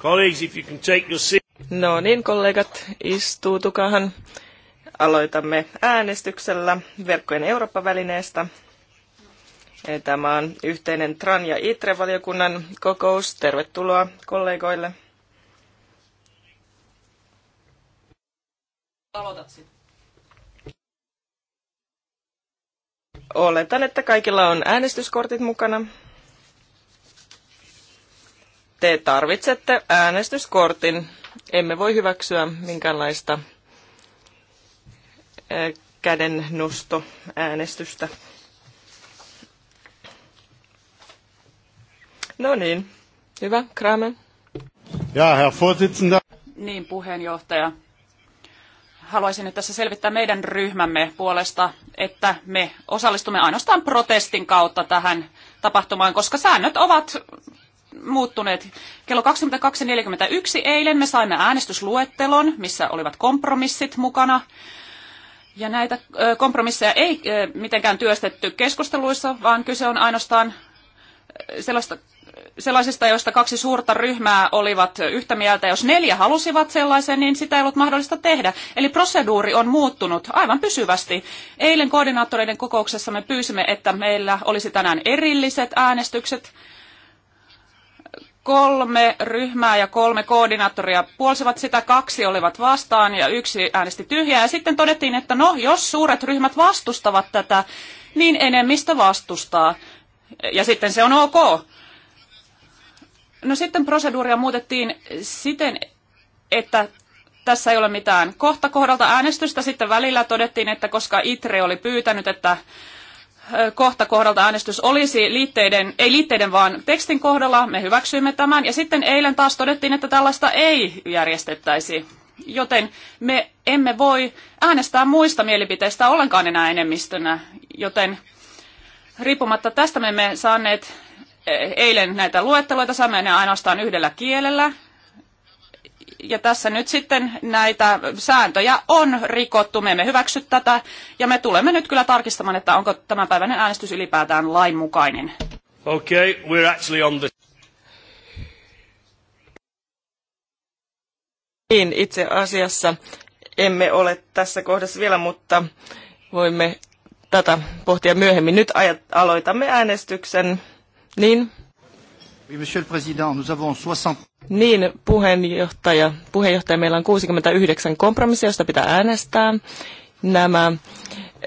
Colleagues, if you can take your seat. No niin, kollegat, istuutukahan. Aloitamme äänestyksellä verkkojen Eurooppa-välineestä. Tämä on yhteinen TRAN ja ITRE-valiokunnan kokous. Tervetuloa kollegoille. Aloitat sitten. Oletan, että kaikilla on äänestyskortit mukana te tarvitsette äänestyskortin. Emme voi hyväksyä minkäänlaista äänestystä. No niin, hyvä, Kramen. Ja, herr Vorsitzender. Niin, puheenjohtaja. Haluaisin nyt tässä selvittää meidän ryhmämme puolesta, että me osallistumme ainoastaan protestin kautta tähän tapahtumaan, koska säännöt ovat muuttuneet. Kello 22.41 eilen me saimme äänestysluettelon, missä olivat kompromissit mukana. Ja näitä kompromisseja ei mitenkään työstetty keskusteluissa, vaan kyse on ainoastaan sellaista, sellaisista, joista kaksi suurta ryhmää olivat yhtä mieltä. Jos neljä halusivat sellaisen, niin sitä ei ollut mahdollista tehdä. Eli proseduuri on muuttunut aivan pysyvästi. Eilen koordinaattoreiden kokouksessa me pyysimme, että meillä olisi tänään erilliset äänestykset kolme ryhmää ja kolme koordinaattoria puolsivat sitä, kaksi olivat vastaan ja yksi äänesti tyhjää. Ja sitten todettiin, että no, jos suuret ryhmät vastustavat tätä, niin enemmistö vastustaa. Ja sitten se on ok. No sitten proseduuria muutettiin siten, että tässä ei ole mitään kohta kohdalta äänestystä. Sitten välillä todettiin, että koska ITRE oli pyytänyt, että kohta kohdalta äänestys olisi liitteiden, ei liitteiden vaan tekstin kohdalla. Me hyväksyimme tämän ja sitten eilen taas todettiin, että tällaista ei järjestettäisi. Joten me emme voi äänestää muista mielipiteistä ollenkaan enää enemmistönä, joten riippumatta tästä me emme saaneet e, eilen näitä luetteloita, saamme ne ainoastaan yhdellä kielellä, ja tässä nyt sitten näitä sääntöjä on rikottu. Me emme hyväksy tätä ja me tulemme nyt kyllä tarkistamaan, että onko tämänpäiväinen äänestys ylipäätään lainmukainen. Okay, we're actually on the... Niin, itse asiassa emme ole tässä kohdassa vielä, mutta voimme tätä pohtia myöhemmin. Nyt ajat, aloitamme äänestyksen. Niin? Oui, monsieur le président, nous avons 60... Niin, puheenjohtaja. Puheenjohtaja, meillä on 69 kompromissia, josta pitää äänestää. Nämä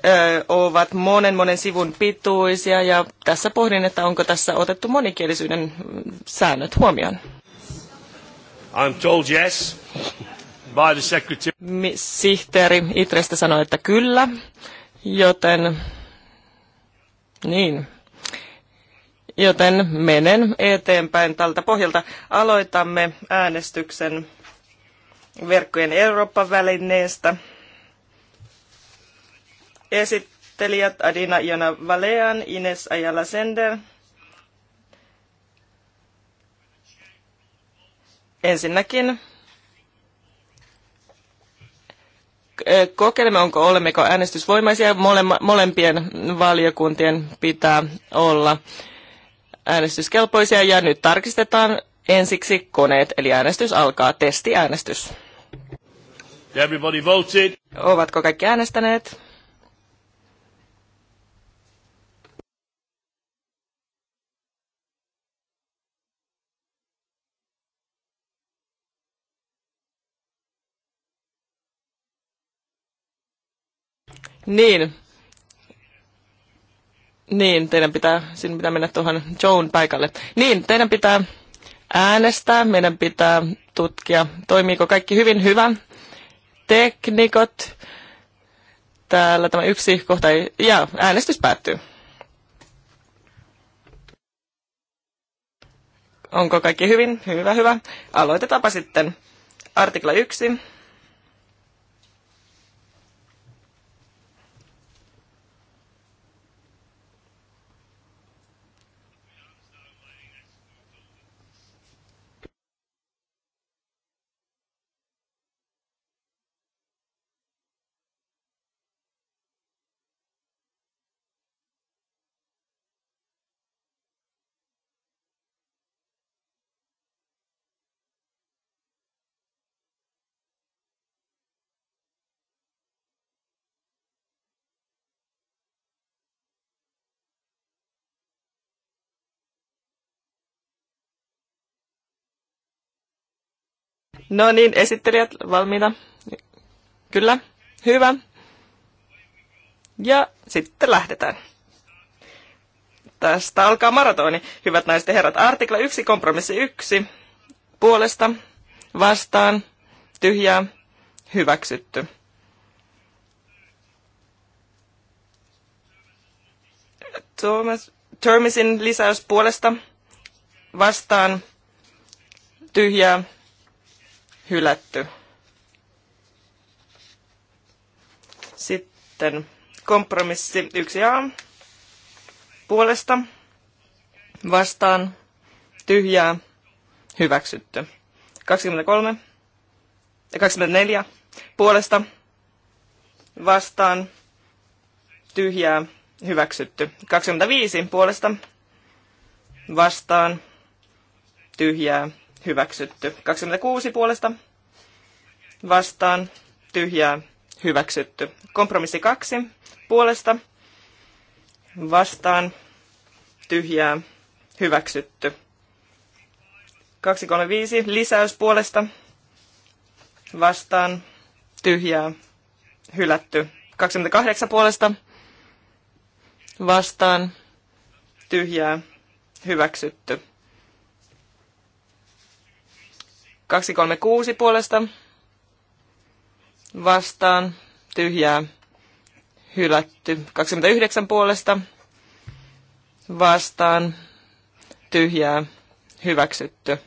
ö, ovat monen monen sivun pituisia ja tässä pohdin, että onko tässä otettu monikielisyyden säännöt huomioon. I'm told yes by the secretary. Sihteeri Itrestä sanoi, että kyllä, joten niin. Joten menen eteenpäin tältä pohjalta. Aloitamme äänestyksen verkkojen Euroopan välineestä. Esittelijät Adina Jona Valean, Ines Ajala Sender. Ensinnäkin kokeilemme, onko olemmeko äänestysvoimaisia. molempien valiokuntien pitää olla äänestyskelpoisia ja nyt tarkistetaan ensiksi koneet, eli äänestys alkaa, testiäänestys. Everybody voted. Ovatko kaikki äänestäneet? Niin, niin, teidän pitää, sinun pitää mennä tuohon Joan paikalle. Niin, teidän pitää äänestää, meidän pitää tutkia, toimiiko kaikki hyvin, hyvä. Teknikot, täällä tämä yksi kohta, ja äänestys päättyy. Onko kaikki hyvin? Hyvä, hyvä. Aloitetaanpa sitten. Artikla 1. No niin, esittelijät valmiina. Kyllä, hyvä. Ja sitten lähdetään. Tästä alkaa maratoni. Hyvät naiset ja herrat, artikla 1, kompromissi 1. Puolesta, vastaan, tyhjää, hyväksytty. Thomas, Termisin lisäys puolesta, vastaan, tyhjää, hylätty. Sitten kompromissi 1a puolesta vastaan tyhjää hyväksytty. 23 ja 24 puolesta vastaan tyhjää hyväksytty. 25 puolesta vastaan tyhjää hyväksytty. 26 puolesta vastaan tyhjää hyväksytty. Kompromissi 2 puolesta vastaan tyhjää hyväksytty. 235 lisäys puolesta vastaan tyhjää hylätty. 28 puolesta vastaan tyhjää hyväksytty. 236 puolesta vastaan tyhjää hylätty. 29 puolesta vastaan tyhjää hyväksytty.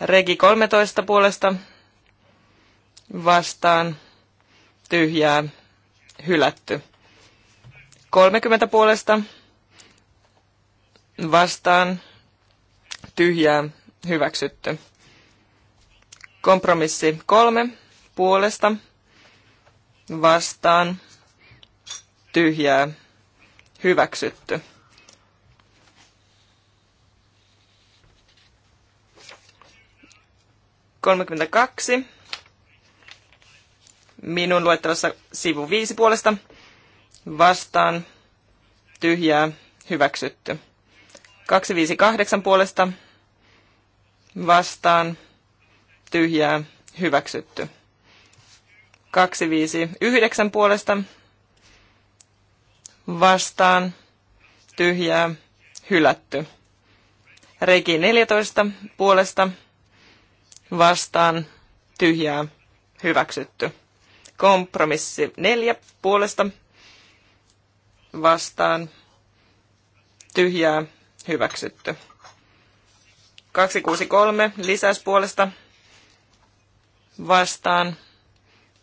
Regi 13 puolesta vastaan tyhjää hylätty. 30 puolesta vastaan tyhjää hyväksytty. Kompromissi kolme puolesta vastaan tyhjää hyväksytty. Kolmekymmentäkaksi. Minun luettelossa sivu viisi puolesta vastaan tyhjää hyväksytty. 258 puolesta vastaan tyhjää hyväksytty. 259 puolesta vastaan tyhjää hylätty. Reiki 14 puolesta vastaan tyhjää hyväksytty. Kompromissi 4 puolesta vastaan tyhjää hyväksytty. 263 lisäyspuolesta puolesta vastaan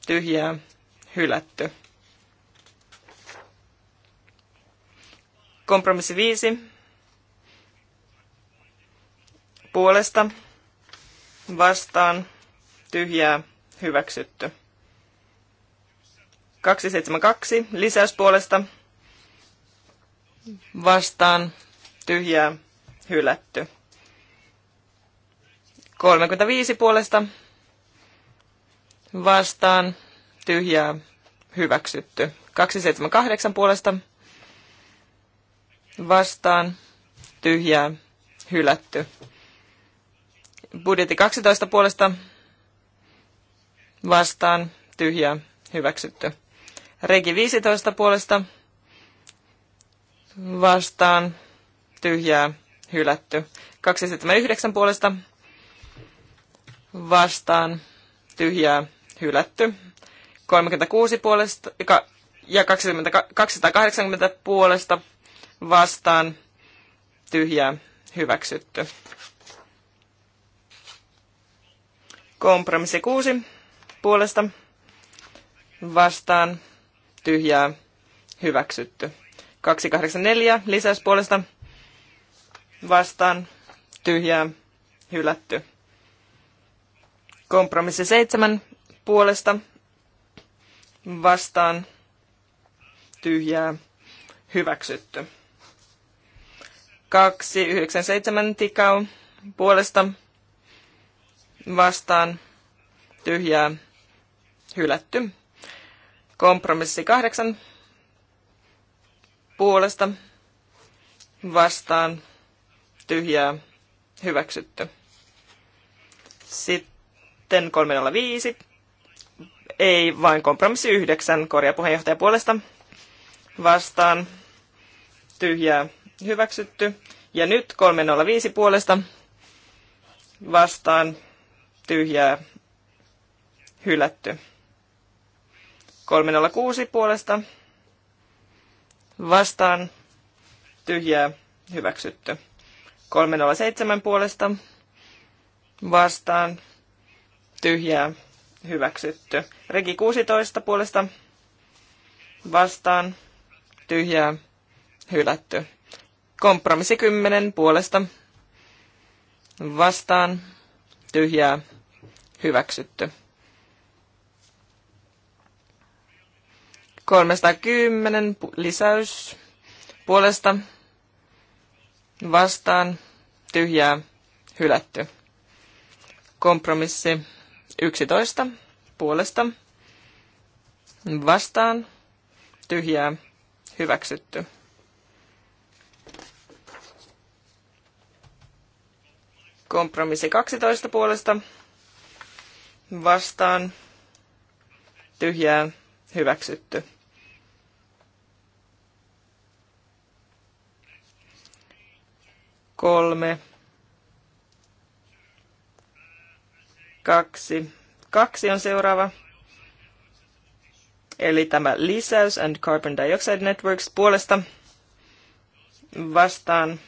tyhjää hylätty. Kompromissi 5 puolesta vastaan tyhjää hyväksytty. 272 puolesta vastaan tyhjää hylätty. 35 puolesta vastaan tyhjää hyväksytty. 278 puolesta vastaan tyhjää hylätty. Budjetti 12 puolesta vastaan tyhjää hyväksytty. Regi 15 puolesta vastaan tyhjää hylätty. 279 puolesta vastaan tyhjää hylätty. 36 puolesta ja 280 puolesta vastaan tyhjää hyväksytty. Kompromissi 6 puolesta vastaan tyhjää hyväksytty. 284 puolesta vastaan tyhjää hylätty. Kompromissi 7 puolesta vastaan tyhjää hyväksytty. 297 tikau puolesta vastaan tyhjää hylätty. Kompromissi 8 puolesta vastaan tyhjää hyväksytty. Sitten 305 ei, vain kompromissi yhdeksän korjapuheenjohtaja puolesta vastaan tyhjää hyväksytty. Ja nyt 305 puolesta vastaan tyhjää hylätty. 306 puolesta vastaan tyhjää hyväksytty. 307 puolesta vastaan tyhjää hyväksytty. Regi 16 puolesta vastaan tyhjää hylätty. Kompromissi 10 puolesta vastaan tyhjää hyväksytty. 310 lisäys puolesta vastaan tyhjää hylätty. Kompromissi 11 puolesta vastaan tyhjää hyväksytty. Kompromissi 12 puolesta vastaan tyhjää hyväksytty. Kolme Kaksi. Kaksi on seuraava. Eli tämä lisäys and carbon dioxide networks puolesta vastaan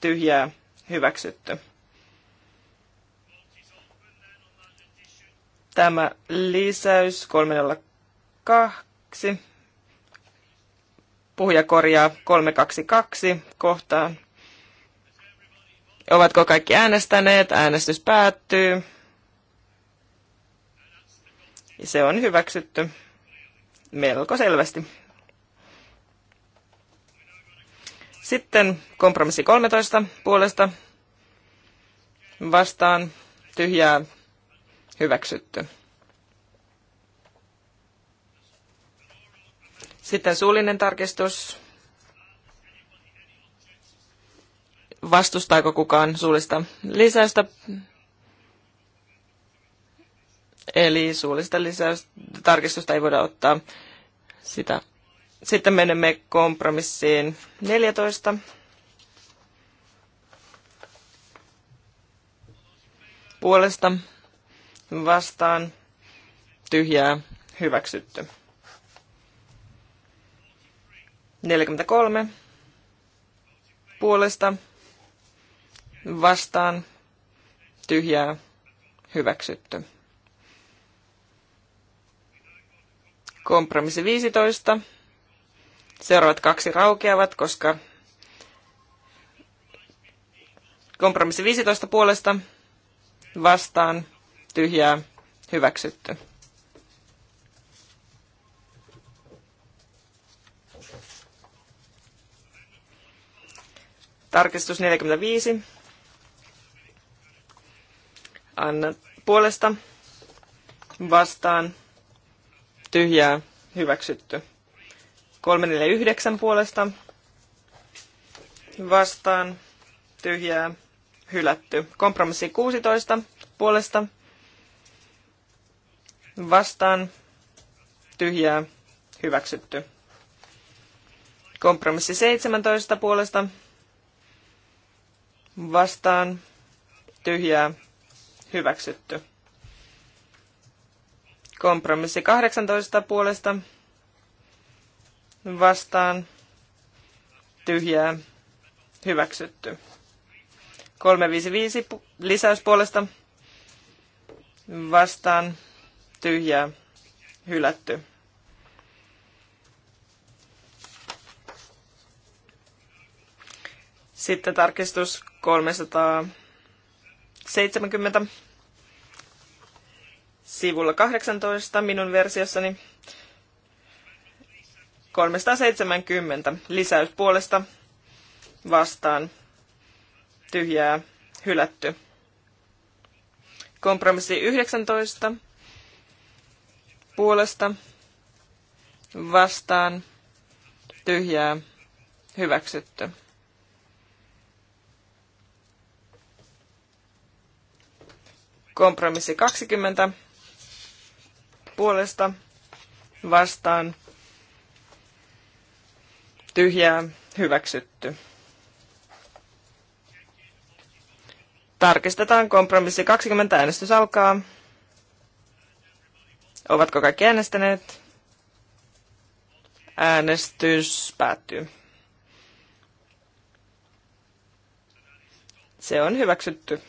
tyhjää hyväksytty. Tämä lisäys 302. Puhuja korjaa 322 kohtaan. Ovatko kaikki äänestäneet? Äänestys päättyy. Se on hyväksytty melko selvästi. Sitten kompromissi 13 puolesta vastaan tyhjää hyväksytty. Sitten suullinen tarkistus. Vastustaako kukaan suullista lisäystä? Eli suullista lisäystä, tarkistusta ei voida ottaa sitä. Sitten menemme kompromissiin 14. Puolesta vastaan tyhjää hyväksytty. 43 puolesta vastaan tyhjää hyväksytty. Kompromissi 15. Seuraavat kaksi raukeavat, koska kompromissi 15 puolesta vastaan tyhjää hyväksytty. Tarkistus 45. Anna puolesta vastaan tyhjää hyväksytty. 349 puolesta vastaan tyhjää hylätty. Kompromissi 16 puolesta vastaan tyhjää hyväksytty. Kompromissi 17 puolesta vastaan tyhjää hyväksytty. Kompromissi 18 puolesta vastaan tyhjää hyväksytty. 355 lisäys puolesta vastaan tyhjää hylätty. Sitten tarkistus 370 sivulla 18 minun versiossani. 370 lisäyspuolesta puolesta vastaan tyhjää hylätty. Kompromissi 19 puolesta vastaan tyhjää hyväksytty. Kompromissi 20 puolesta vastaan tyhjää hyväksytty. Tarkistetaan kompromissi 20 äänestys alkaa. Ovatko kaikki äänestäneet? Äänestys päättyy. Se on hyväksytty.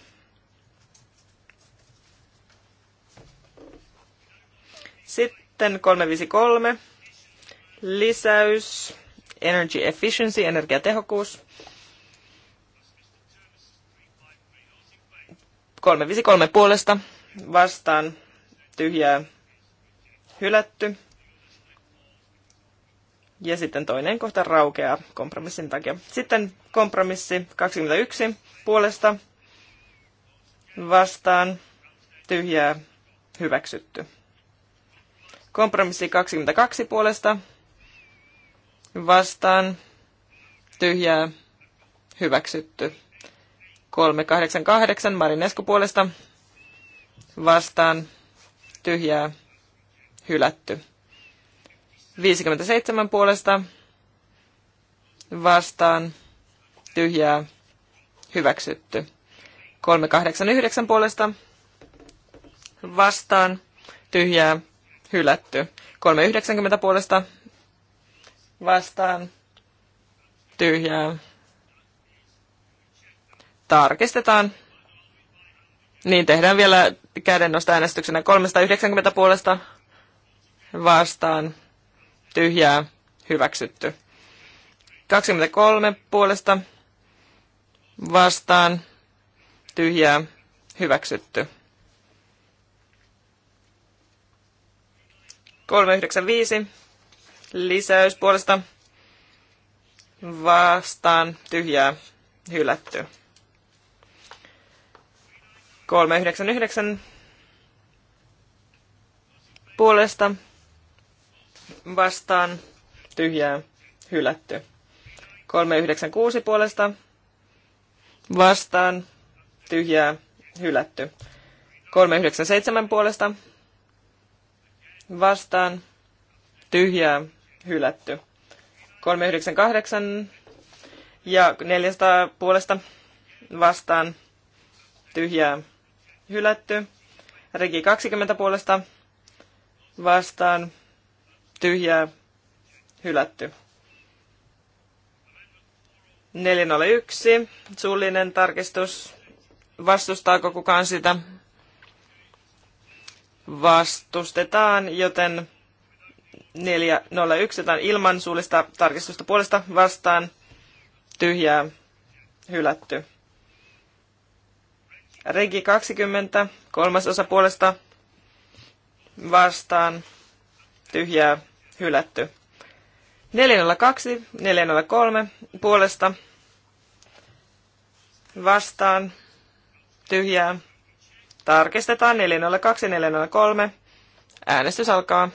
Sitten 353, lisäys, energy efficiency, energiatehokkuus. 353 puolesta vastaan tyhjää hylätty. Ja sitten toinen kohta raukeaa kompromissin takia. Sitten kompromissi 21 puolesta vastaan tyhjää hyväksytty. Kompromissi 22 puolesta vastaan tyhjää hyväksytty. 388 Marinesku puolesta vastaan tyhjää hylätty. 57 puolesta vastaan tyhjää hyväksytty. 389 puolesta vastaan tyhjää hylätty. 390 puolesta vastaan tyhjää. Tarkistetaan. Niin tehdään vielä kädennosta äänestyksenä 390 puolesta vastaan tyhjää hyväksytty. 23 puolesta vastaan tyhjää hyväksytty. 395 lisäys puolesta vastaan tyhjää hylätty. 399 puolesta vastaan tyhjää hylätty. 396 puolesta vastaan tyhjää hylätty. 397 puolesta vastaan tyhjää hylätty. 398 ja 400 puolesta vastaan tyhjää hylätty. Regi 20 puolesta vastaan tyhjää hylätty. 401, suullinen tarkistus. Vastustaako kukaan sitä? vastustetaan, joten 401 ilman suullista tarkistusta puolesta vastaan tyhjää hylätty. Regi 20, kolmas osa puolesta vastaan tyhjää hylätty. 402, 403 puolesta vastaan tyhjää Tarkistetaan 402 403. Äänestys alkaa.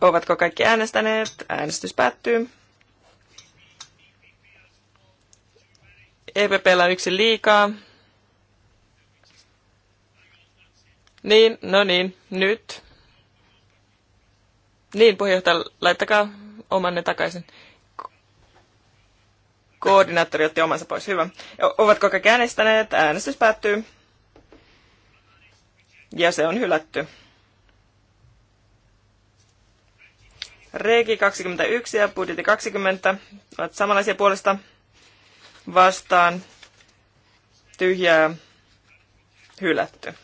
Ovatko kaikki äänestäneet? Äänestys päättyy. EPPllä on yksi liikaa. Niin, no niin, nyt. Niin, puheenjohtaja, laittakaa omanne takaisin. Koordinaattori otti omansa pois. Hyvä. Ovatko kaikki äänestäneet? Äänestys päättyy. Ja se on hylätty. Reiki 21 ja budjetti 20 ovat samanlaisia puolesta vastaan tyhjää hylätty.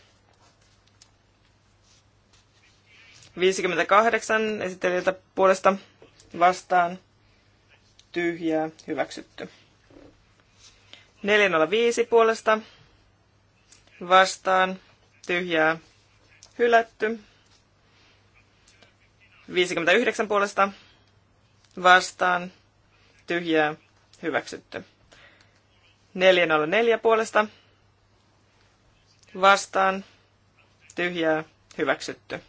58 esittelijältä puolesta vastaan tyhjää, hyväksytty. 405 puolesta vastaan, tyhjää, hylätty. 59 puolesta vastaan, tyhjää, hyväksytty. 404 puolesta vastaan, tyhjää, hyväksytty.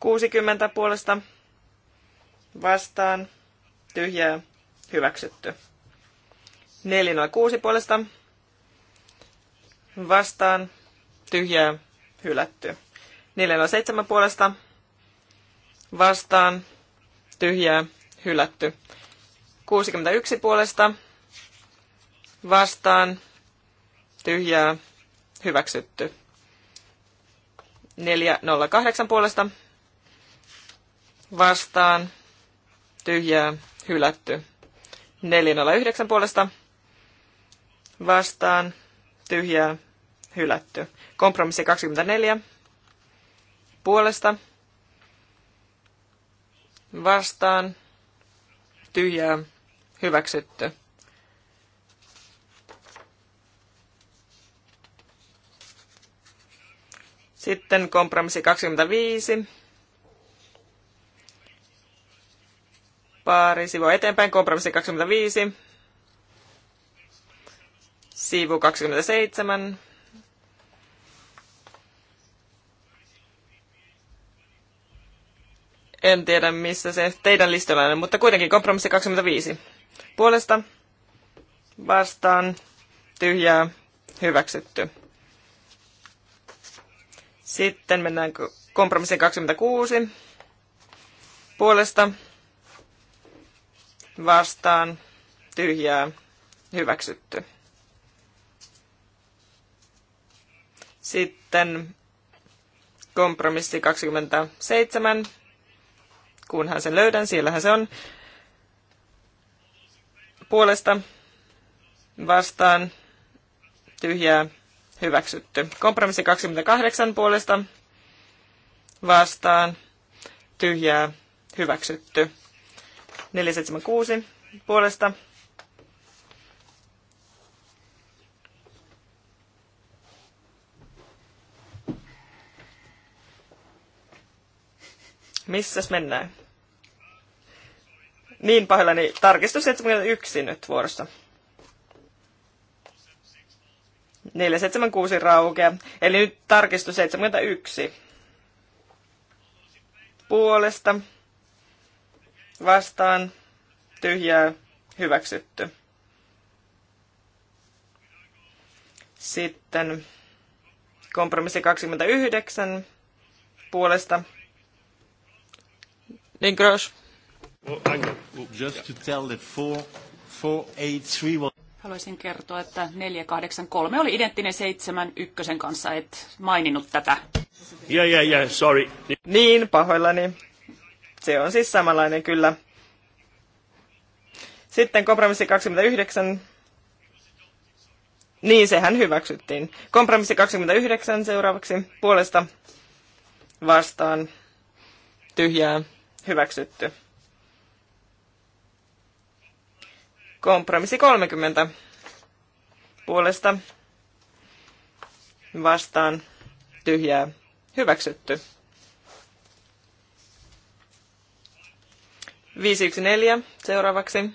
60 puolesta vastaan, tyhjää, hyväksytty. 406 puolesta vastaan, tyhjää, hylätty. 407 puolesta vastaan, tyhjää, hylätty. 61 puolesta vastaan, tyhjää, hyväksytty. 408 puolesta vastaan, tyhjää, hylätty. 409 puolesta vastaan tyhjää hylätty. Kompromissi 24 puolesta vastaan tyhjää hyväksytty. Sitten kompromissi 25 Pari sivua eteenpäin, kompromissi 25. Sivu 27. En tiedä, missä se teidän listalla on, mutta kuitenkin kompromissi 25. Puolesta vastaan tyhjää hyväksytty. Sitten mennään kompromissi 26. Puolesta vastaan tyhjää hyväksytty. Sitten kompromissi 27, kunhan sen löydän, siellähän se on. Puolesta vastaan tyhjää hyväksytty. Kompromissi 28 puolesta vastaan tyhjää hyväksytty. 476 puolesta Missäs mennään? Niin pahoillani. Tarkistus 71 nyt vuorossa. 476 raukea. Eli nyt tarkistus 71. Puolesta vastaan tyhjää hyväksytty. Sitten kompromissi 29 puolesta. Niin Grosh. Haluaisin kertoa, että 483 oli identtinen 71 kanssa, et maininnut tätä. Yeah, yeah, yeah, sorry. Niin, pahoillani. Se on siis samanlainen kyllä. Sitten kompromissi 29. Niin, sehän hyväksyttiin. Kompromissi 29 seuraavaksi puolesta vastaan tyhjää hyväksytty. Kompromissi 30 puolesta vastaan tyhjää hyväksytty. 514 seuraavaksi.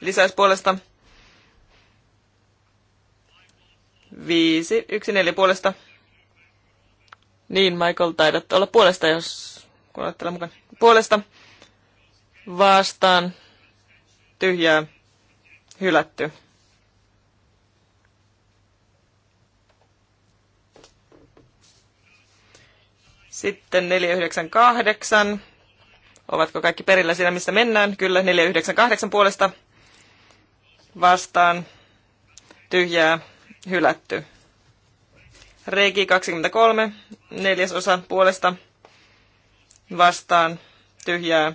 Lisäys puolesta. 514 puolesta. Niin, Michael, taidat olla puolesta, jos kun olet täällä mukana. Puolesta. Vastaan. Tyhjää. Hylätty. Sitten 498 Ovatko kaikki perillä siinä, mistä mennään? Kyllä, 498 puolesta vastaan tyhjää hylätty. Reiki 23, neljäsosa puolesta vastaan tyhjää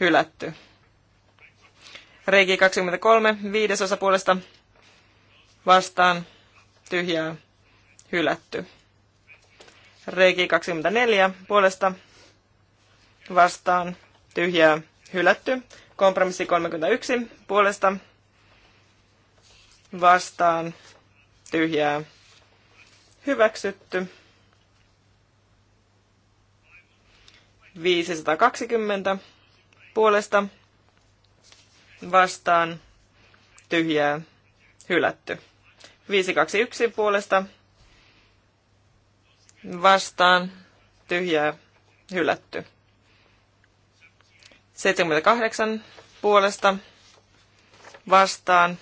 hylätty. Reiki 23, viidesosa puolesta vastaan tyhjää hylätty. Reiki 24 puolesta vastaan tyhjää hylätty. Kompromissi 31 puolesta vastaan tyhjää hyväksytty. 520 puolesta vastaan tyhjää hylätty. 521 puolesta vastaan tyhjää hylätty. 78 puolesta vastaan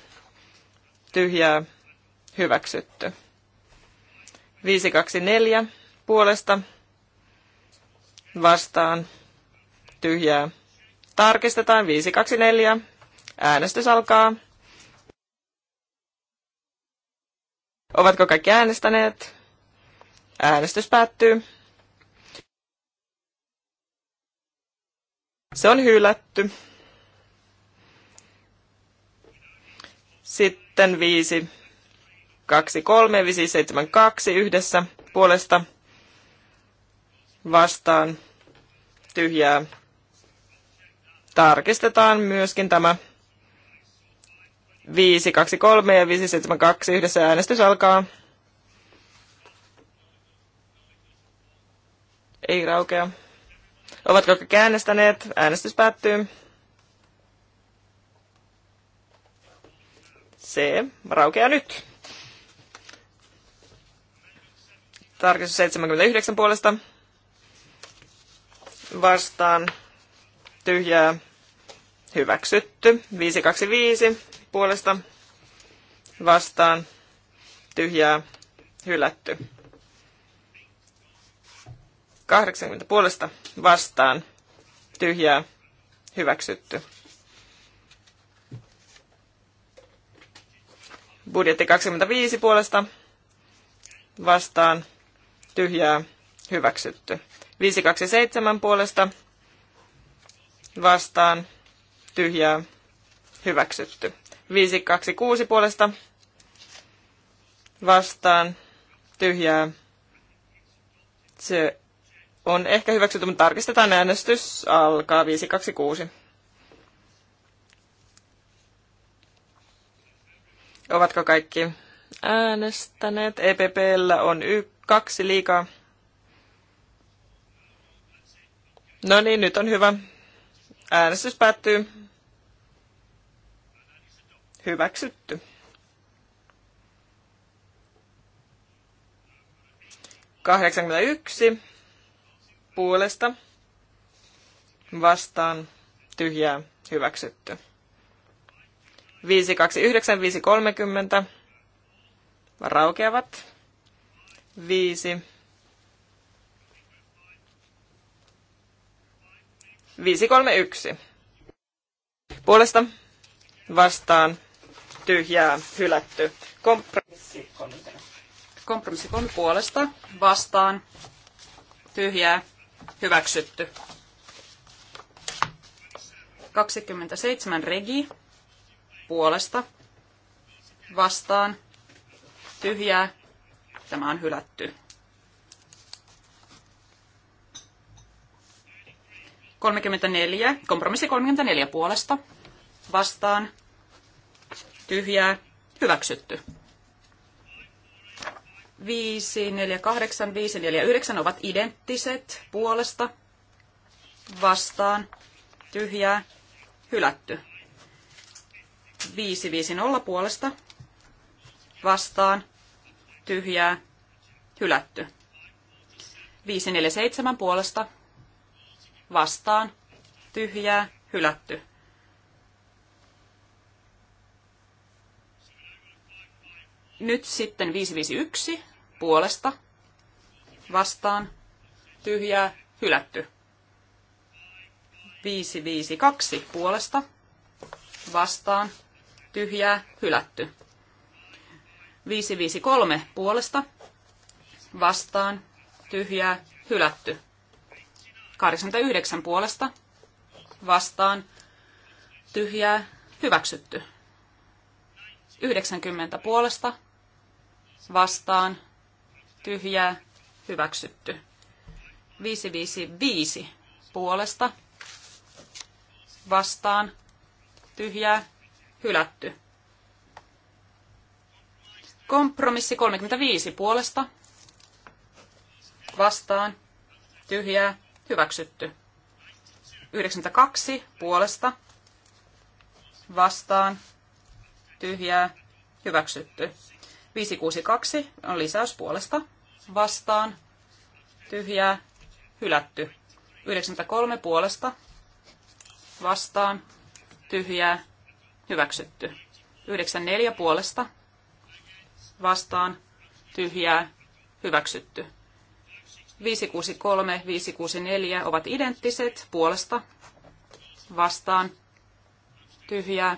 tyhjää hyväksytty. 524 puolesta vastaan tyhjää. Tarkistetaan 524. Äänestys alkaa. Ovatko kaikki äänestäneet? Äänestys päättyy. Se on hylätty. Sitten 5, 2, 3, 5, 7, 2 yhdessä puolesta vastaan tyhjää. Tarkistetaan myöskin tämä 5, 2, 3 ja 5, 7, 2 yhdessä äänestys alkaa. Ei raukea. Ovatko kaikki äänestäneet? Äänestys päättyy. Se raukeaa nyt. Tarkistus 79 puolesta. Vastaan. Tyhjää. Hyväksytty. 525 puolesta. Vastaan. Tyhjää. Hylätty. 80 puolesta vastaan tyhjää hyväksytty. Budjetti 25 puolesta vastaan tyhjää hyväksytty. 527 puolesta vastaan tyhjää hyväksytty. 526 puolesta vastaan tyhjää se on ehkä hyväksytty, mutta tarkistetaan äänestys. Alkaa 526. Ovatko kaikki äänestäneet? EPPllä on y- kaksi liikaa. No niin, nyt on hyvä. Äänestys päättyy. Hyväksytty. Kahdeksankymmentäyksi puolesta vastaan tyhjää hyväksytty. 529, 530 raukeavat. 5. 531. Puolesta vastaan tyhjää hylätty. Kompromissi. Kompromissi kolme puolesta vastaan tyhjää Hyväksytty. 27 regi puolesta vastaan tyhjää. Tämä on hylätty. 34, kompromissi 34 puolesta vastaan tyhjää hyväksytty. 5, 4, 8, 5, 4, 9 ovat identtiset puolesta, vastaan, tyhjää, hylätty. 5, 5, 0 puolesta, vastaan, tyhjää, hylätty. 5, 4, 7 puolesta, vastaan, tyhjää, hylätty. 5, nyt sitten 551 puolesta, vastaan, tyhjää, hylätty. 552 puolesta, vastaan, tyhjää, hylätty. 553 puolesta, vastaan, tyhjää, hylätty. 89 puolesta, vastaan, tyhjää, hyväksytty. 90 puolesta, vastaan, tyhjää, hyväksytty. 555 puolesta, vastaan, tyhjää, hylätty. Kompromissi 35 puolesta, vastaan, tyhjää, hyväksytty. 92 puolesta, vastaan, tyhjää, hyväksytty. 562 on lisäys puolesta. Vastaan. Tyhjää. Hylätty. 93 puolesta. Vastaan. Tyhjää. Hyväksytty. 94 puolesta. Vastaan. Tyhjää. Hyväksytty. 563, 564 ovat identtiset puolesta. Vastaan. Tyhjää.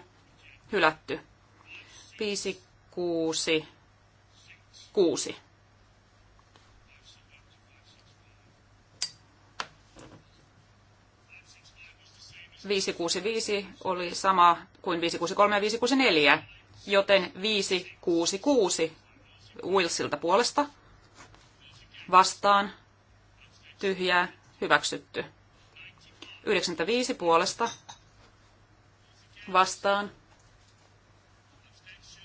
Hylätty. 5, 6, kuusi Viisi kuusi viisi oli sama kuin viisi kuusi kolme ja viisi kuusi neljä, joten viisi kuusi kuusi Wilsilta puolesta vastaan tyhjää hyväksytty. 95 puolesta vastaan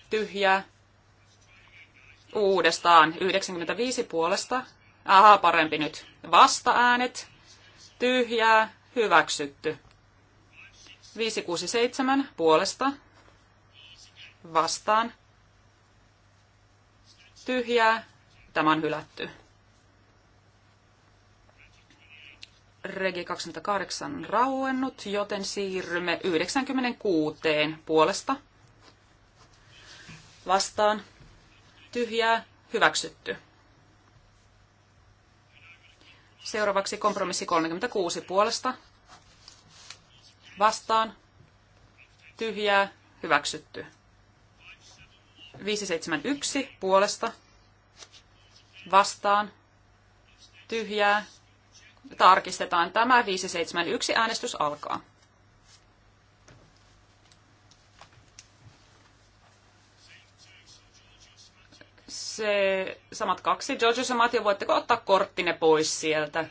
tyhjää uudestaan. 95 puolesta. Aha, parempi nyt. Vasta-äänet. Tyhjää. Hyväksytty. 567 puolesta. Vastaan. Tyhjää. Tämä on hylätty. Regi 28 rauennut, joten siirrymme 96 puolesta. Vastaan tyhjää, hyväksytty. Seuraavaksi kompromissi 36 puolesta. Vastaan, tyhjää, hyväksytty. 571 puolesta. Vastaan, tyhjää. Tarkistetaan tämä. 571 äänestys alkaa. se samat kaksi, George ja Matio, voitteko ottaa korttine pois sieltä?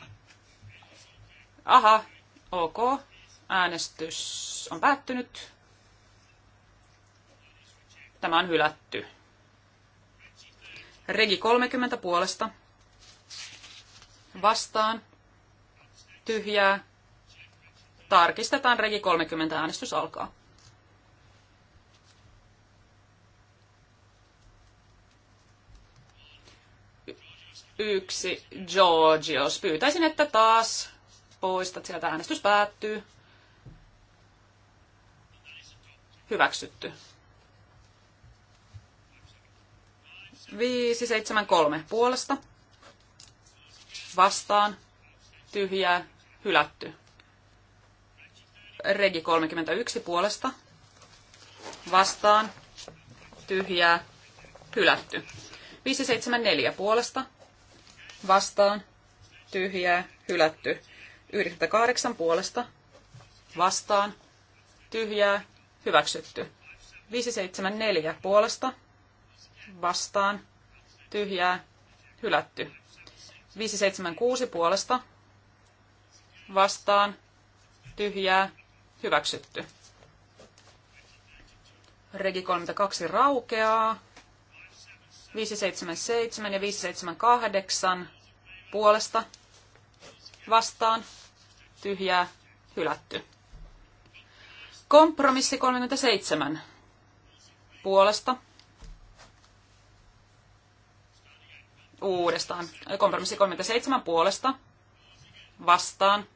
Aha, ok. Äänestys on päättynyt. Tämä on hylätty. Regi 30 puolesta. Vastaan. Tyhjää. Tarkistetaan Regi 30. Äänestys alkaa. yksi Georgios. Pyytäisin, että taas poistat, sieltä äänestys päättyy. Hyväksytty. 573 puolesta. Vastaan. Tyhjää. Hylätty. Regi 31 puolesta. Vastaan. Tyhjää. Hylätty. 574 puolesta vastaan, tyhjää, hylätty. 98 puolesta, vastaan, tyhjää, hyväksytty. 574 puolesta, vastaan, tyhjää, hylätty. 576 puolesta, vastaan, tyhjää, hyväksytty. Regi 32 raukeaa. 577 ja 578 puolesta vastaan tyhjää hylätty. Kompromissi 37 puolesta uudestaan. Kompromissi 37 puolesta vastaan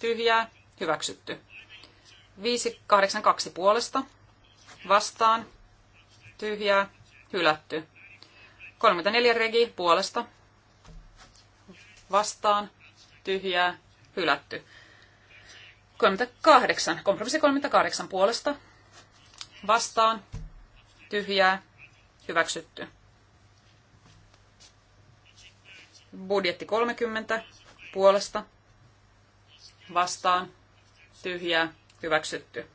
tyhjää hyväksytty. 582 puolesta vastaan tyhjää hylätty. 34 regi puolesta vastaan tyhjää hylätty. 38, kompromissi 38 puolesta vastaan tyhjää hyväksytty. Budjetti 30 puolesta vastaan tyhjää hyväksytty.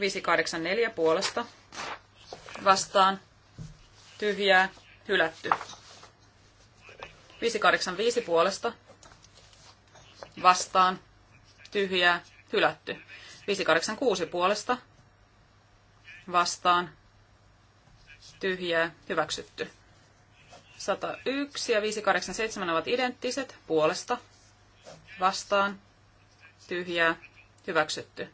584 puolesta vastaan tyhjää Hylätty. 585 puolesta. Vastaan. Tyhjää. Hylätty. 586 puolesta. Vastaan. Tyhjää. Hyväksytty. 101 ja 587 ovat identtiset. Puolesta. Vastaan. Tyhjää. Hyväksytty.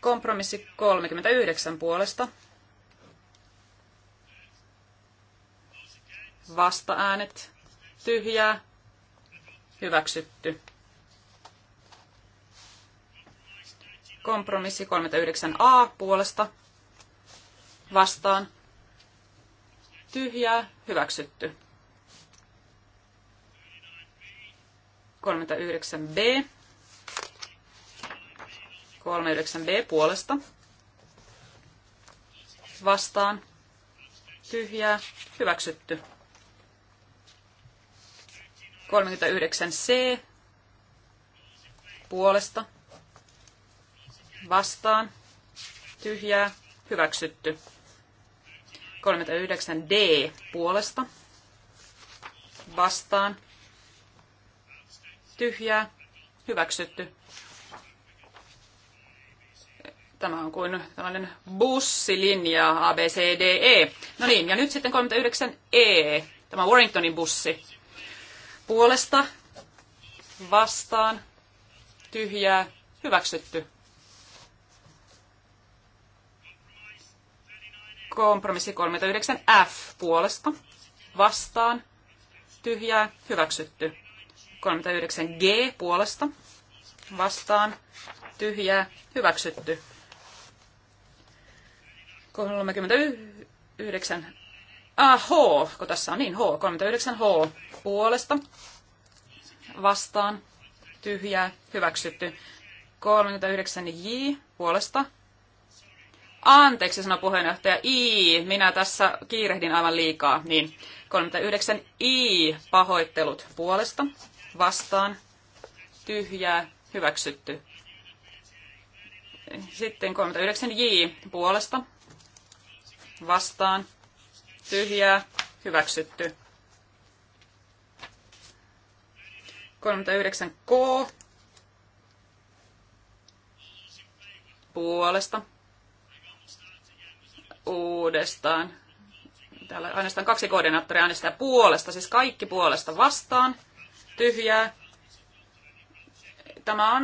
Kompromissi 39 puolesta Vastaäänet. Tyhjää. Hyväksytty. Kompromissi 39a puolesta. Vastaan. Tyhjää. Hyväksytty. 39b. 39b puolesta. Vastaan. Tyhjää. Hyväksytty. 39C puolesta vastaan tyhjää hyväksytty. 39D puolesta vastaan tyhjää hyväksytty. Tämä on kuin tällainen bussilinja ABCDE. No niin, ja nyt sitten 39E, tämä Warringtonin bussi puolesta vastaan tyhjää hyväksytty. Kompromissi 39F puolesta vastaan tyhjää hyväksytty. 39G puolesta vastaan tyhjää hyväksytty. 39 Ah, H, kun tässä on niin H, 39 H puolesta vastaan tyhjää hyväksytty. 39 J puolesta. Anteeksi, sanoi puheenjohtaja I. Minä tässä kiirehdin aivan liikaa. Niin, 39 I pahoittelut puolesta vastaan tyhjää hyväksytty. Sitten 39 J puolesta vastaan tyhjää hyväksytty. 39 K puolesta uudestaan. Täällä ainoastaan kaksi koordinaattoria äänestää puolesta, siis kaikki puolesta vastaan. Tyhjää. Tämä on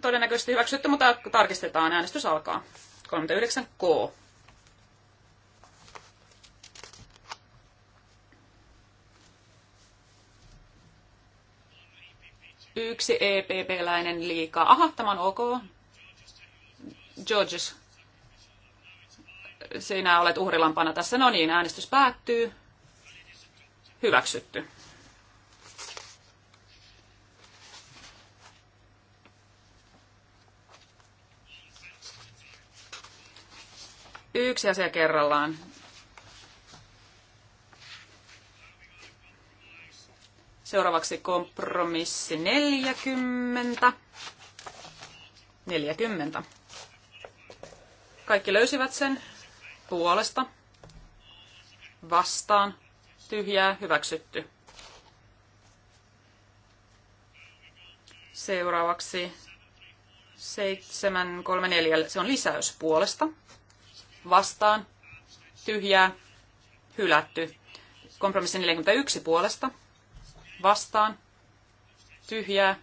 todennäköisesti hyväksytty, mutta tarkistetaan. Äänestys alkaa. 39K. yksi EPP-läinen liikaa. Aha, tämä on ok. Georges, sinä olet uhrilampana tässä. No niin, äänestys päättyy. Hyväksytty. Yksi asia kerrallaan. Seuraavaksi kompromissi 40. 40. Kaikki löysivät sen puolesta, vastaan, tyhjää, hyväksytty. Seuraavaksi 734, se on lisäys puolesta, vastaan, tyhjää, hylätty. Kompromissi 41 puolesta, vastaan, tyhjää,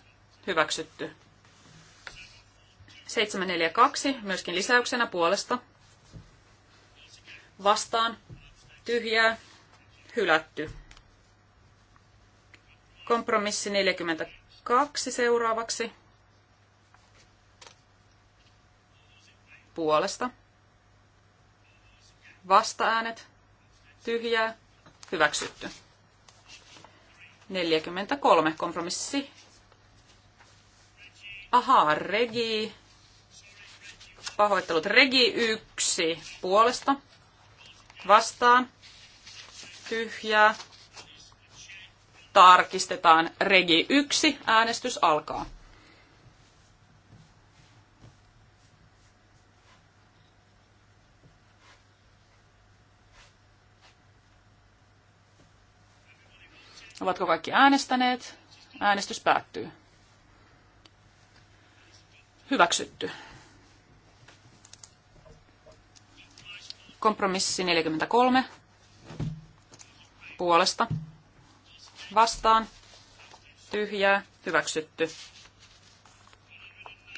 hyväksytty. 742, myöskin lisäyksenä puolesta, vastaan, tyhjää, hylätty. Kompromissi 42 seuraavaksi. Puolesta. vasta äänet Tyhjää. Hyväksytty. 43 kompromissi. Ahaa, Regi. Pahoittelut. Regi 1 puolesta. Vastaan. Tyhjää. Tarkistetaan. Regi 1. Äänestys alkaa. Ovatko kaikki äänestäneet? Äänestys päättyy. Hyväksytty. Kompromissi 43. Puolesta. Vastaan. Tyhjää. Hyväksytty.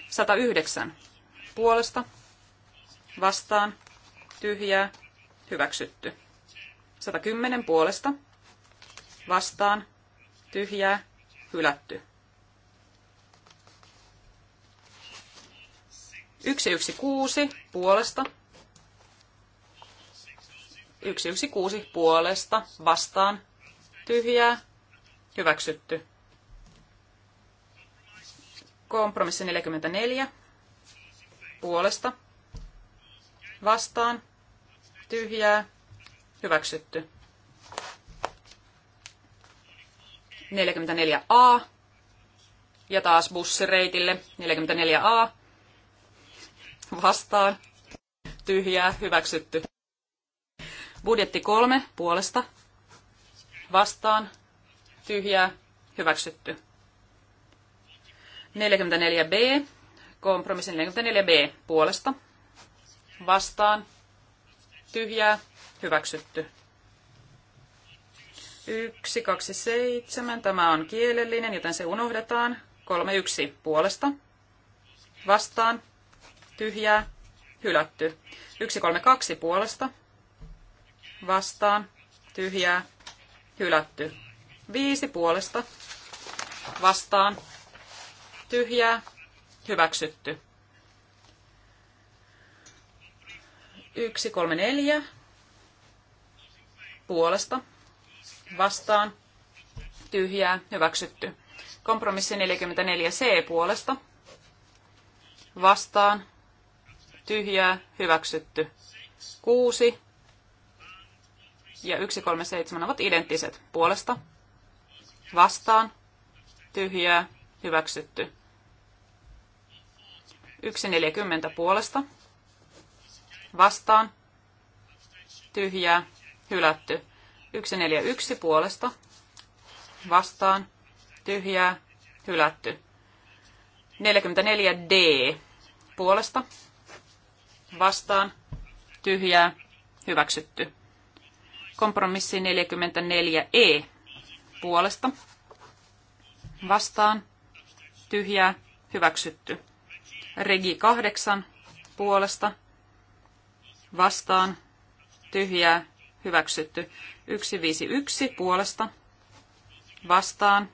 109. Puolesta. Vastaan. Tyhjää. Hyväksytty. 110 puolesta vastaan, tyhjää, hylätty. kuusi puolesta. yksi yksi kuusi puolesta vastaan. Tyhjää. Hyväksytty. Kompromissi 44 puolesta vastaan. Tyhjää. Hyväksytty. 44A ja taas bussireitille 44A vastaan tyhjää hyväksytty. Budjetti kolme puolesta vastaan tyhjää hyväksytty. 44B, kompromissin 44B puolesta vastaan tyhjää hyväksytty. 1, 2, 7. Tämä on kielellinen, joten se unohdetaan. 3, 1 puolesta. Vastaan. Tyhjää. Hylätty. 1, 3, 2 puolesta. Vastaan. Tyhjää. Hylätty. 5 puolesta. Vastaan. Tyhjää. Hyväksytty. 1, 3, 4 puolesta vastaan, tyhjää, hyväksytty. Kompromissi 44c puolesta, vastaan, tyhjää, hyväksytty. 6 ja 137 ovat identtiset puolesta, vastaan, tyhjää, hyväksytty. 140 puolesta, vastaan, tyhjää, hylätty. 141 puolesta vastaan tyhjää hylätty. 44 D puolesta vastaan tyhjää hyväksytty. Kompromissi 44 E puolesta vastaan tyhjää hyväksytty. Regi 8 puolesta vastaan tyhjää hyväksytty. 151 puolesta vastaan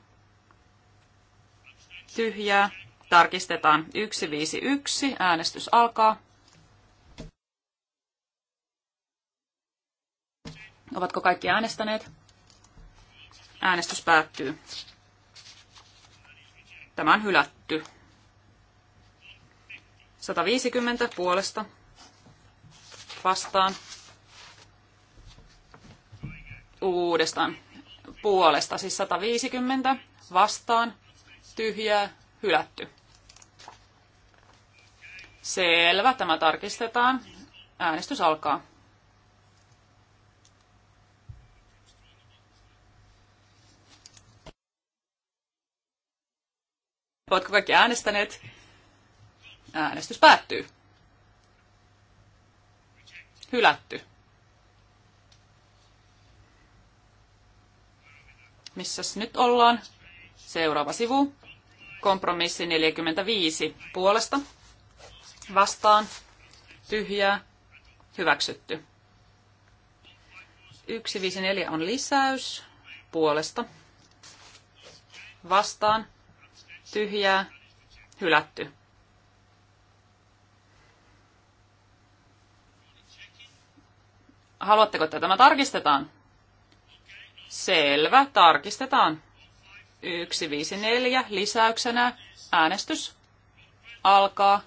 tyhjää. Tarkistetaan 151. Äänestys alkaa. Ovatko kaikki äänestäneet? Äänestys päättyy. Tämä on hylätty. 150 puolesta vastaan uudestaan puolesta, siis 150 vastaan, tyhjää, hylätty. Selvä, tämä tarkistetaan. Äänestys alkaa. Oletko kaikki äänestäneet? Äänestys päättyy. Hylätty. missä nyt ollaan? Seuraava sivu. Kompromissi 45 puolesta. Vastaan. Tyhjää. Hyväksytty. 154 on lisäys puolesta. Vastaan. Tyhjää. Hylätty. Haluatteko, että tämä tarkistetaan? Selvä, tarkistetaan. 154 lisäyksenä äänestys alkaa.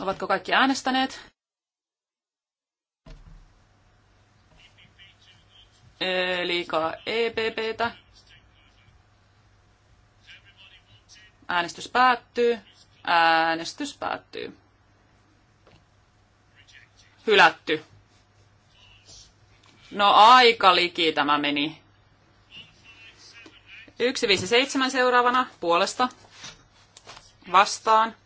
Ovatko kaikki äänestäneet? liikaa EPPtä. Äänestys päättyy. Äänestys päättyy. Hylätty. No aika liki tämä meni. 157 seuraavana puolesta. Vastaan.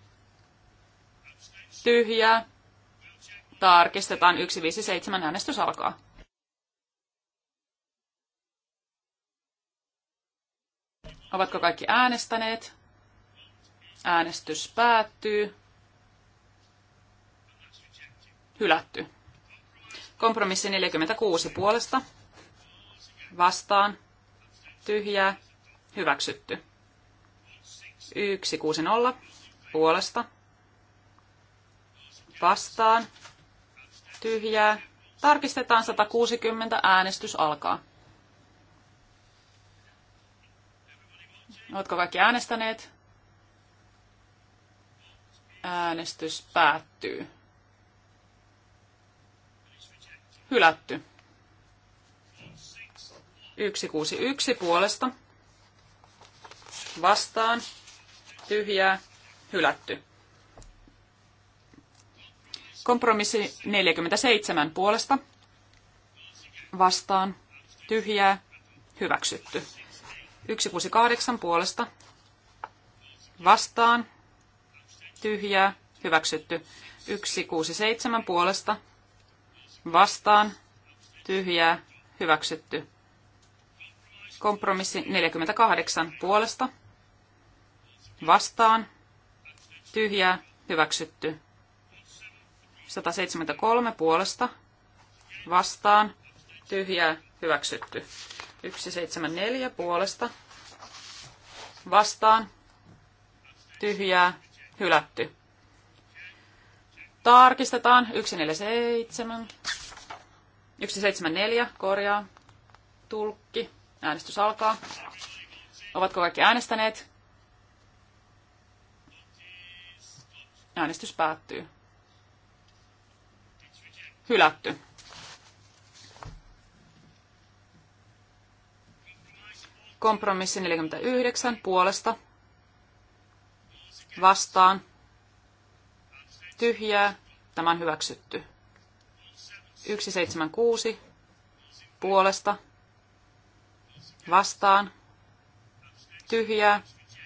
Tyhjää. Tarkistetaan 157 äänestys alkaa. Ovatko kaikki äänestäneet? Äänestys päättyy. Hylätty. Kompromissi 46 puolesta. Vastaan. Tyhjää. Hyväksytty. 160 puolesta. Vastaan. Tyhjää. Tarkistetaan 160. Äänestys alkaa. Oletko kaikki äänestäneet? Äänestys päättyy. Hylätty. 161 puolesta. Vastaan. Tyhjää. Hylätty. Kompromissi 47 puolesta. Vastaan. Tyhjää. Hyväksytty. 168 puolesta. Vastaan. Tyhjää. Hyväksytty. 167 puolesta vastaan, tyhjää, hyväksytty. Kompromissi 48 puolesta, vastaan, tyhjää, hyväksytty. 173 puolesta, vastaan, tyhjää, hyväksytty. 174 puolesta, vastaan, tyhjää, hylätty. Tarkistetaan 147. 174 korjaa. Tulkki. Äänestys alkaa. Ovatko kaikki äänestäneet? Äänestys päättyy. Hylätty. Kompromissi 49 puolesta. Vastaan. Tyhjää. Tämä on hyväksytty. 176 puolesta vastaan tyhjää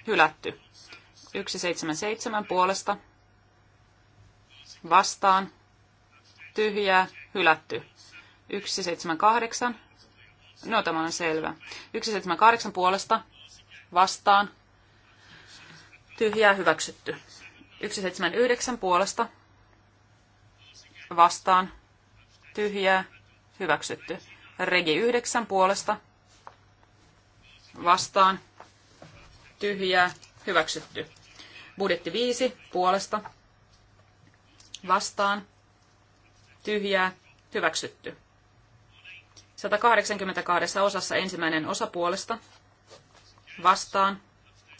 hylätty. 177 puolesta vastaan tyhjää hylätty. 178 No tämä on selvä. 178 puolesta vastaan tyhjää hyväksytty. 179 puolesta vastaan tyhjää, hyväksytty. Regi 9 puolesta, vastaan, tyhjää, hyväksytty. Budjetti 5 puolesta, vastaan, tyhjää, hyväksytty. 182 osassa ensimmäinen osa puolesta, vastaan,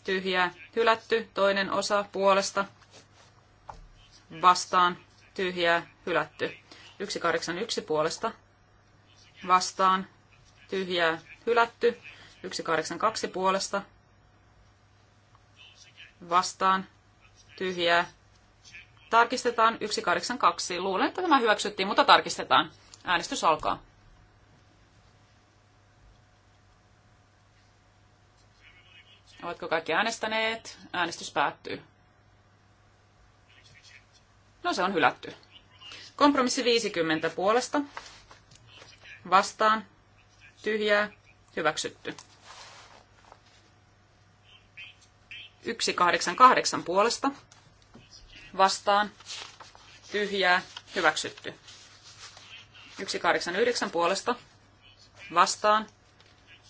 tyhjää, hylätty, toinen osa puolesta, vastaan, tyhjää, hylätty. 181 puolesta vastaan tyhjää hylätty. 182 puolesta vastaan tyhjää. Tarkistetaan 182. Luulen, että tämä hyväksyttiin, mutta tarkistetaan. Äänestys alkaa. Ovatko kaikki äänestäneet? Äänestys päättyy. No se on hylätty. Kompromissi 50 puolesta. Vastaan. Tyhjää. Hyväksytty. 188 puolesta. Vastaan. Tyhjää. Hyväksytty. 189 puolesta. Vastaan.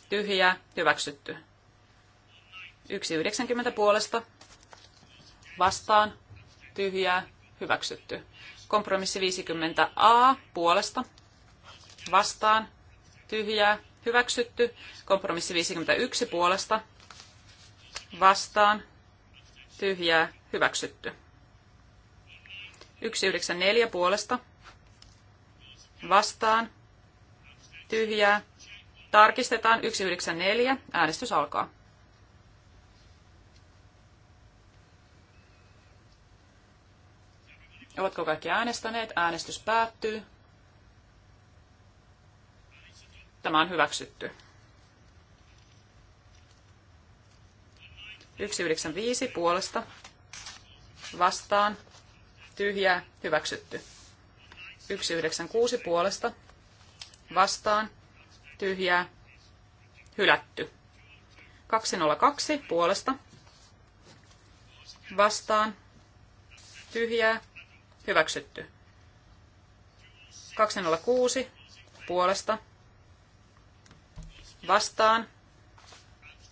Tyhjää. Hyväksytty. 190 puolesta. Vastaan. Tyhjää. Hyväksytty. Kompromissi 50a puolesta vastaan tyhjää hyväksytty. Kompromissi 51 puolesta vastaan tyhjää hyväksytty. 194 puolesta vastaan tyhjää. Tarkistetaan 194. Äänestys alkaa. Ovatko kaikki äänestäneet? Äänestys päättyy. Tämä on hyväksytty. 195 puolesta vastaan tyhjää hyväksytty. 196 puolesta vastaan tyhjää hylätty. 202 puolesta vastaan tyhjää Hyväksytty. 206 puolesta. Vastaan.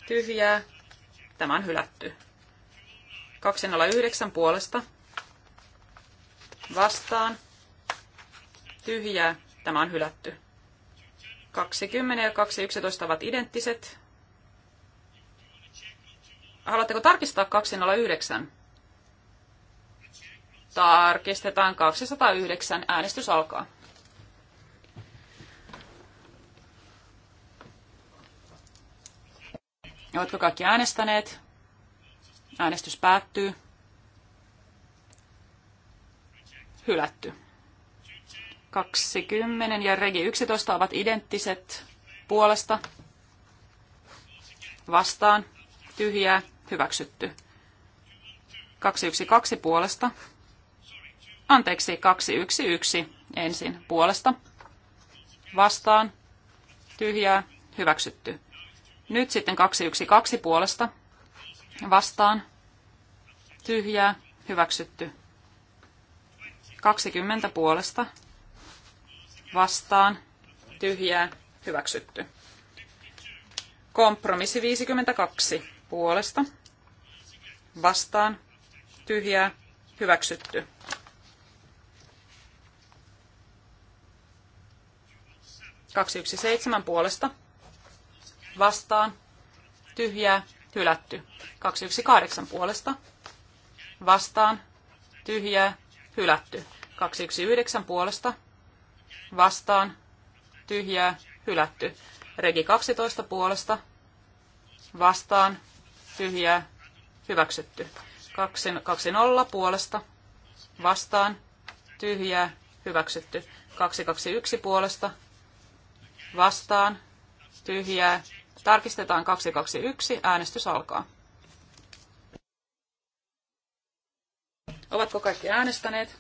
Tyhjää. Tämä on hylätty. 209 puolesta. Vastaan. Tyhjää. Tämä on hylätty. 20 ja 211 ovat identtiset. Haluatteko tarkistaa 209? Tarkistetaan 209. Äänestys alkaa. Oletko kaikki äänestäneet? Äänestys päättyy. Hylätty. 20 ja regi 11 ovat identtiset puolesta. Vastaan. Tyhjää. Hyväksytty. 212 puolesta Anteeksi, 211 ensin puolesta. Vastaan. Tyhjää. Hyväksytty. Nyt sitten 212 puolesta. Vastaan. Tyhjää. Hyväksytty. 20 puolesta. Vastaan. Tyhjää. Hyväksytty. Kompromissi 52 puolesta. Vastaan. Tyhjää. Hyväksytty. 217 puolesta vastaan tyhjää hylätty. 218 puolesta vastaan tyhjää hylätty. 219 puolesta vastaan tyhjää hylätty. Regi 12 puolesta vastaan tyhjää hyväksytty. 220 puolesta vastaan tyhjää hyväksytty. 221 puolesta vastaan, tyhjää. Tarkistetaan 221, äänestys alkaa. Ovatko kaikki äänestäneet?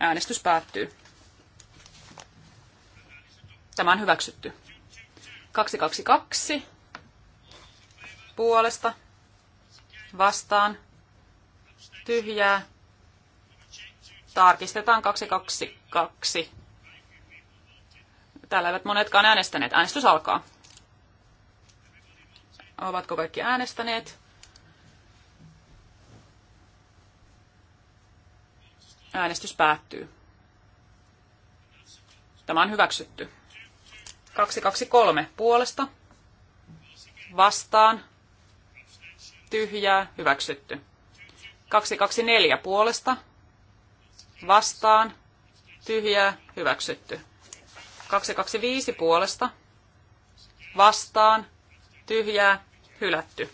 Äänestys päättyy. Tämä on hyväksytty. 222 puolesta vastaan tyhjää. Tarkistetaan 222. Täällä eivät monetkaan äänestäneet. Äänestys alkaa. Ovatko kaikki äänestäneet? Äänestys päättyy. Tämä on hyväksytty. 223 puolesta. Vastaan. Tyhjää. Hyväksytty. 224 puolesta. Vastaan. Tyhjää. Hyväksytty. 225 puolesta vastaan tyhjää hylätty.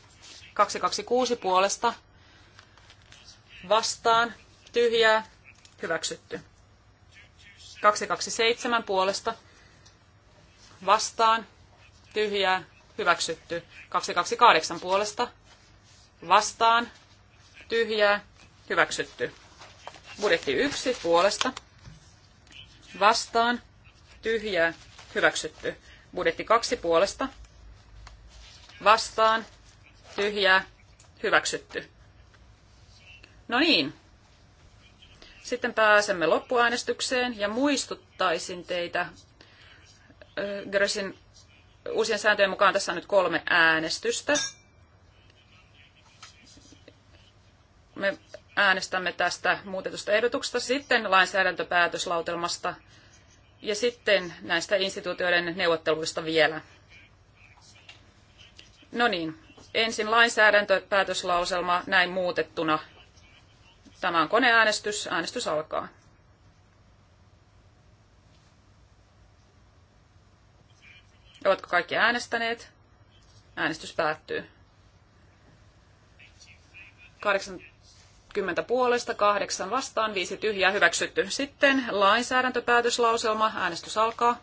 226 puolesta vastaan tyhjää hyväksytty. 227 puolesta vastaan tyhjää hyväksytty. 228 puolesta vastaan tyhjää hyväksytty. Budjetti 1 puolesta vastaan tyhjää, hyväksytty. Budjetti kaksi puolesta, vastaan, tyhjää, hyväksytty. No niin, sitten pääsemme loppuäänestykseen ja muistuttaisin teitä Grösin uusien sääntöjen mukaan tässä on nyt kolme äänestystä. Me äänestämme tästä muutetusta ehdotuksesta sitten lainsäädäntöpäätöslautelmasta ja sitten näistä instituutioiden neuvotteluista vielä. No niin, ensin lainsäädäntöpäätöslauselma näin muutettuna. Tämä on koneäänestys. Äänestys alkaa. Ovatko kaikki äänestäneet? Äänestys päättyy. 8 20 puolesta, 8 vastaan, 5 tyhjää hyväksytty. Sitten lainsäädäntöpäätöslauselma. Äänestys alkaa.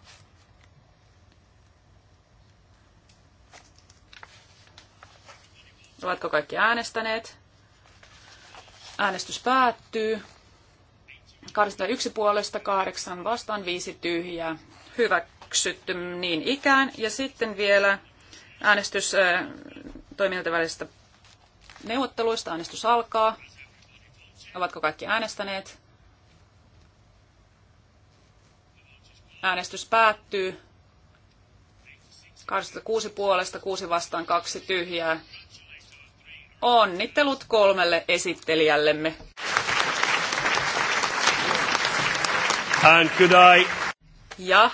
Ovatko kaikki äänestäneet? Äänestys päättyy. yksi puolesta, 8 vastaan, 5 tyhjää. Hyväksytty niin ikään. Ja sitten vielä äänestys toimijoiden välisistä neuvotteluista. Äänestys alkaa. Ovatko kaikki äänestäneet? Äänestys päättyy. 26 puolesta, 6 vastaan, 2 tyhjää. Onnittelut kolmelle esittelijällemme. And could I... Ja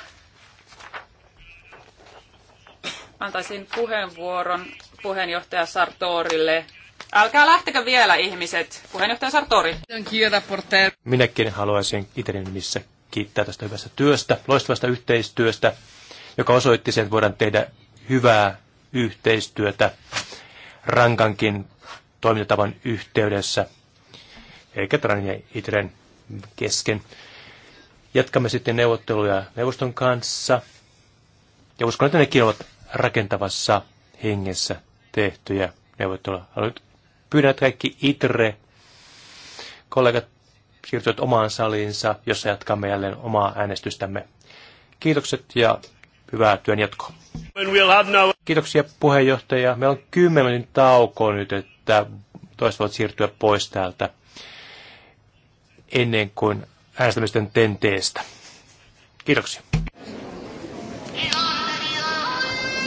antaisin puheenvuoron puheenjohtaja Sartorille Älkää lähtekö vielä ihmiset, puheenjohtaja Sartori. Minäkin haluaisin Iterin nimissä kiittää tästä hyvästä työstä, loistavasta yhteistyöstä, joka osoitti sen, että voidaan tehdä hyvää yhteistyötä rankankin toimintatavan yhteydessä, eikä Tran ja Itren kesken. Jatkamme sitten neuvotteluja neuvoston kanssa, ja uskon, että nekin ovat rakentavassa hengessä tehtyjä neuvotteluja. Haluat Pyydän, kaikki ITRE kollegat siirtyvät omaan saliinsa, jossa jatkamme jälleen omaa äänestystämme. Kiitokset ja hyvää työn jatkoa. No- Kiitoksia puheenjohtaja. Meillä on kymmenen minuutin tauko nyt, että toiset voivat siirtyä pois täältä ennen kuin äänestämisten tenteestä. Kiitoksia.